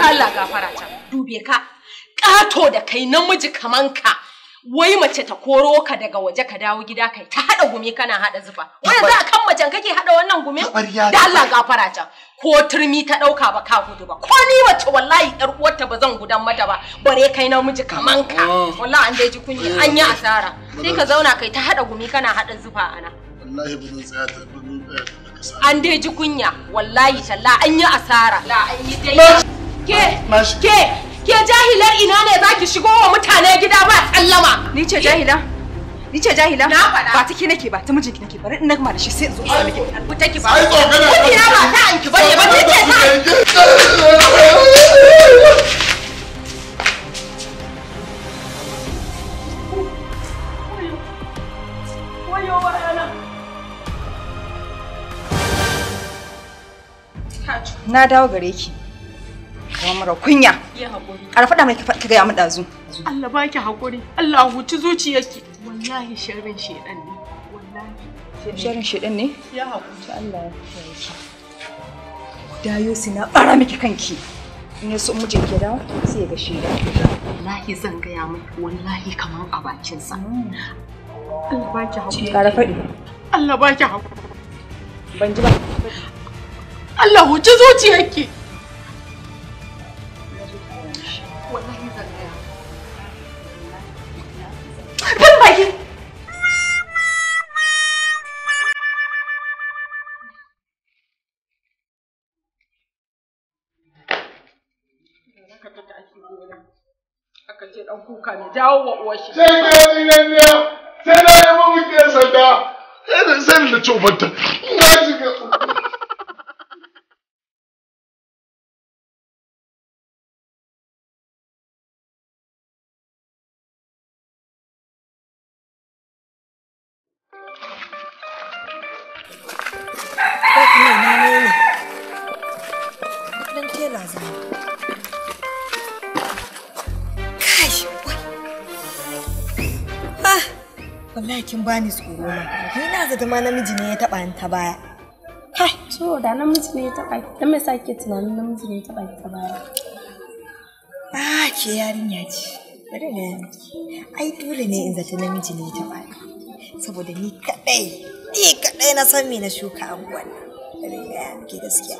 da Allah gafara ta dube ka ƙato da kai namiji kaman ka wai mace ta koro ka daga waje ka dawo gida kai ta hada gumi kana hada zufa wai a kan macen kake hada wannan gumin da Allah gafara ta ko turmi ta dauka ba ka gudu ba ko ni wace wallahi yar uwarta ba zan gudan mata ba bare kai namiji kaman ka mm. wallahi an dai ji kunya mm. an yi asara sai ka zauna kai ta hada gumi kana hada zufa ana wallahi ba zan tsaya ta an dai ji kunya wallahi talla an yi asara la an yi dai Ke, ke, ke jahilar ina ne za ki shigo wa mutane gida ba tsallama. Ni ce jahila? Ni ce jahila? Na faɗa. Ba ta ke nake ba, ta mijinki nake bari in na gama da shi sai in zo in miki. Ku take ba. Ai tsogana. Ku na ba ta anki bane ba take ta. Na dawo gare ki. zama kunya. Ara faɗa mai ki gaya min ɗazu. Allah ba ki haƙuri. Allah huci zuciyarki. Wallahi sharrin shedan ne. Wallahi. Sharrin shedan ne? Ya haƙuri. Allah ya kiyaye ki. Dayo si na ɓara miki kanki. Ne ya so mijin ki dawo sai ya ga shedan. Wallahi zan gaya mai wallahi kaman a bakinsa. Mm. Allah ba ki haƙuri. Ƙara faɗi. Allah ba ki haƙuri. Ban ji ba. Allah huci zuciyarki. wallahi zan ne wa uwar shi sai ka yi sai na yi mamuke sanda sai da tsofanta na shiga Ko kuma ina ne ne? Kudin tela zai. Kai, wai. Ha, wallahi kin bani tsoro ma. Ni na zata ma namiji ne ya taba ni ta baya. Kai, ciwo da namiji ne ya taba ki. Dan me sa kike tunanin namiji ne ya taba ni ta baya? Ah, ke yarinya ce. bari ai dole ne in zata namiji ne ta baya saboda ni kadai ni kaɗai na san me na shuka a wannan bari na gaskiya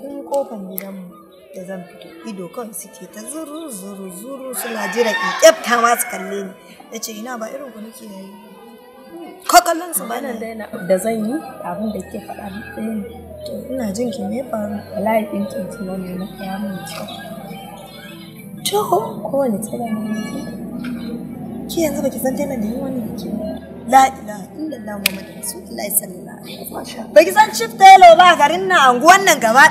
tun kofan gidanmu da zan fito ido kawai suke ta zuru zuru zuru suna jira in kyafta ma su kalle ni na ce ina ba irin ku nake yi ko kallon su ba nan da zan yi abin da ke faɗa ɗaya ne ina jin ki me faru wallahi ɗin ki ne na ya mun kyau Toho kowane tsira ne Ki yanzu san da ba. La ilaha illallah Muhammadu san ba garin nan nan gaba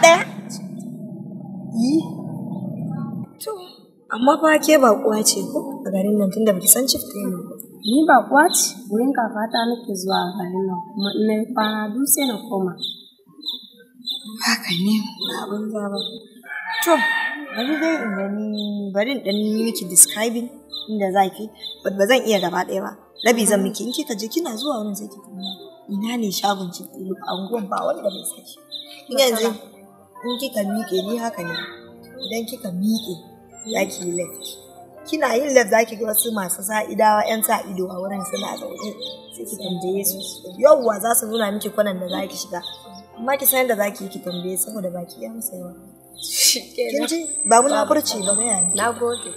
amma ba ke ba kuwa ce ko a garin nan tunda san chief tailor ba. Ni ba kuwa ce, wurin nake zuwa a garin nan kuma ina kwana dutse na koma. Haka ne, ba abin ba. To, yanzu dai in gani bari in dan miki describing inda ki ba zan iya gaba ɗaya ba rabi zan miki in kika je kina zuwa wurin sai ki tambaya ina ne shagon ki a unguwan ba wanda bai san shi in yanzu in kika miƙe ni haka ne idan kika miƙe ki yi left kina yin left ki ga wasu masu sa'idawa yan sa ido a wurin suna zaune sai ki tambaye su yawwa za su nuna miki kwanan da za ki shiga amma ki san yadda za ki yi ki tambaye saboda baki ya musa yawa shi kenan. Kin ji ba munafurci ba ne. Na gode.